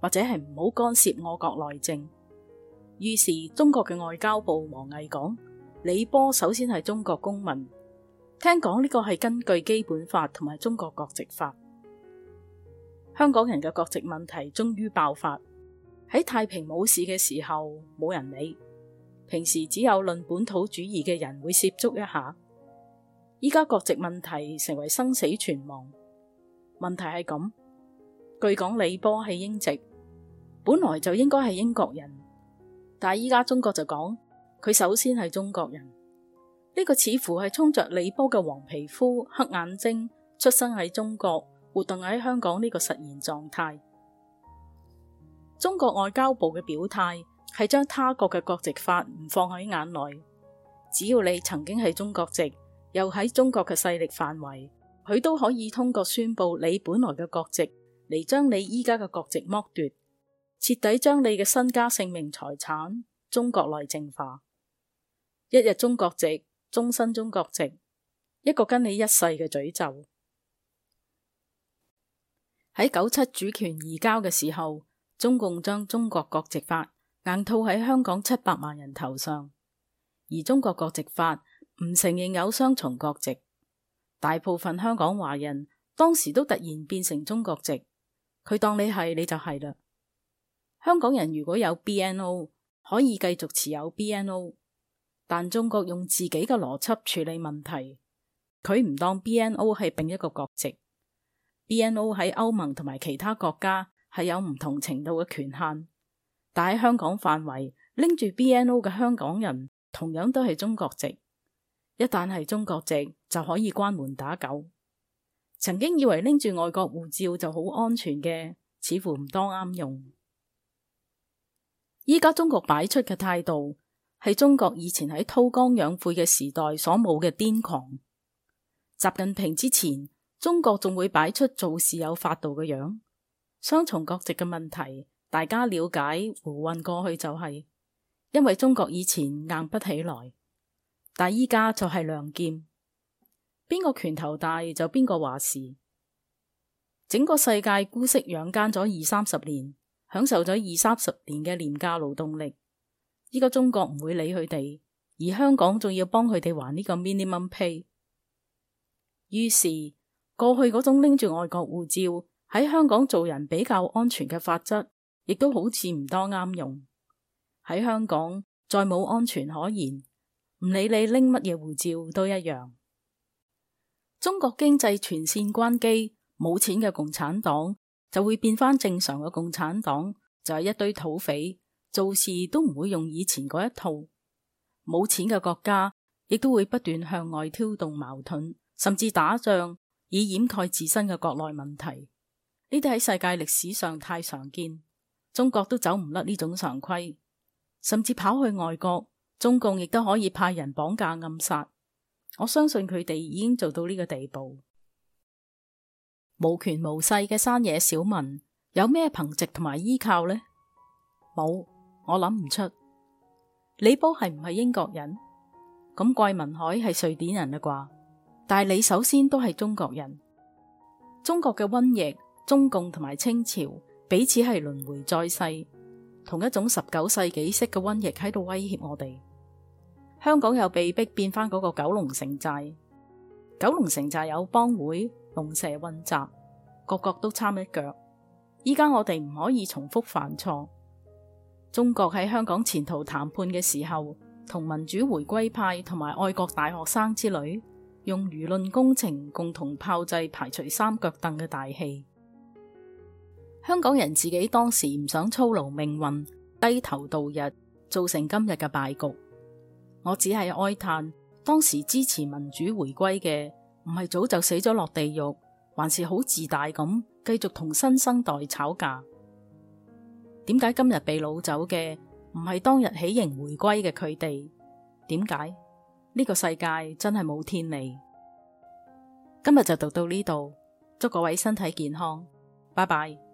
或者係唔好干涉我國內政。於是中國嘅外交部王毅講：李波首先係中國公民，聽講呢個係根據基本法同埋中國國籍法。香港人嘅國籍問題終於爆發。喺太平冇事嘅時候冇人理，平時只有論本土主義嘅人會涉足一下。依家國籍問題成為生死存亡，問題係咁。據講李波係英籍。本來就應該係英國人，但係依家中國就講佢首先係中國人呢個，似乎係衝着李波嘅黃皮膚、黑眼睛，出生喺中國，活動喺香港呢個實現狀態。中國外交部嘅表態係將他國嘅國籍法唔放喺眼內，只要你曾經係中國籍，又喺中國嘅勢力範圍，佢都可以通過宣布你本來嘅國籍嚟將你依家嘅國籍剝奪。徹底將你嘅身家、性命、財產中國內政化，一日中國籍，終身中國籍，一個跟你一世嘅詛咒。喺九七主權移交嘅時候，中共將中國國籍法硬套喺香港七百萬人頭上，而中國國籍法唔承認有雙重國籍。大部分香港華人當時都突然變成中國籍，佢當你係你就係啦。香港人如果有 BNO，可以繼續持有 BNO，但中國用自己嘅邏輯處理問題，佢唔當 BNO 係並一個國籍。BNO 喺歐盟同埋其他國家係有唔同程度嘅權限，但喺香港範圍拎住 BNO 嘅香港人同樣都係中國籍。一旦係中國籍，就可以關門打狗。曾經以為拎住外國護照就好安全嘅，似乎唔多啱用。依家中國擺出嘅態度，係中國以前喺韜光養晦嘅時代所冇嘅癲狂。習近平之前，中國仲會擺出做事有法度嘅樣。雙重國籍嘅問題，大家了解胡混過去就係、是，因為中國以前硬不起來，但依家就係亮劍，邊個拳頭大就邊個話事。整個世界姑息養奸咗二三十年。享受咗二三十年嘅廉價勞動力，依個中國唔會理佢哋，而香港仲要幫佢哋還呢個 minimum pay。於是過去嗰種拎住外國護照喺香港做人比較安全嘅法則，亦都好似唔多啱用。喺香港再冇安全可言，唔理你拎乜嘢護照都一樣。中國經濟全線關機，冇錢嘅共產黨。就會變翻正常嘅共產黨，就係一堆土匪，做事都唔會用以前嗰一套。冇錢嘅國家亦都會不斷向外挑動矛盾，甚至打仗，以掩蓋自身嘅國內問題。呢啲喺世界歷史上太常見，中國都走唔甩呢種常規，甚至跑去外國，中共亦都可以派人綁架暗殺。我相信佢哋已經做到呢個地步。無權無勢嘅山野小民有咩憑藉同埋依靠呢？冇，我諗唔出。李波係唔係英國人？咁桂民海係瑞典人啦啩？但係你首先都係中國人。中國嘅瘟疫、中共同埋清朝彼此係輪回再世，同一種十九世紀式嘅瘟疫喺度威脅我哋。香港又被逼變翻嗰個九龍城寨。九龍城寨有幫會。龍蛇混雜，個個都參一腳。依家我哋唔可以重複犯錯。中國喺香港前途談判嘅時候，同民主回歸派同埋愛國大學生之類，用輿論工程共同炮製排除三腳凳嘅大戲。香港人自己當時唔想操勞命運，低頭度日，造成今日嘅敗局。我只係哀嘆，當時支持民主回歸嘅。唔係早就死咗落地獄，還是好自大咁繼續同新生代吵架？點解今日被擄走嘅唔係當日起刑回歸嘅佢哋？點解呢個世界真係冇天理？今日就讀到呢度，祝各位身體健康，拜拜。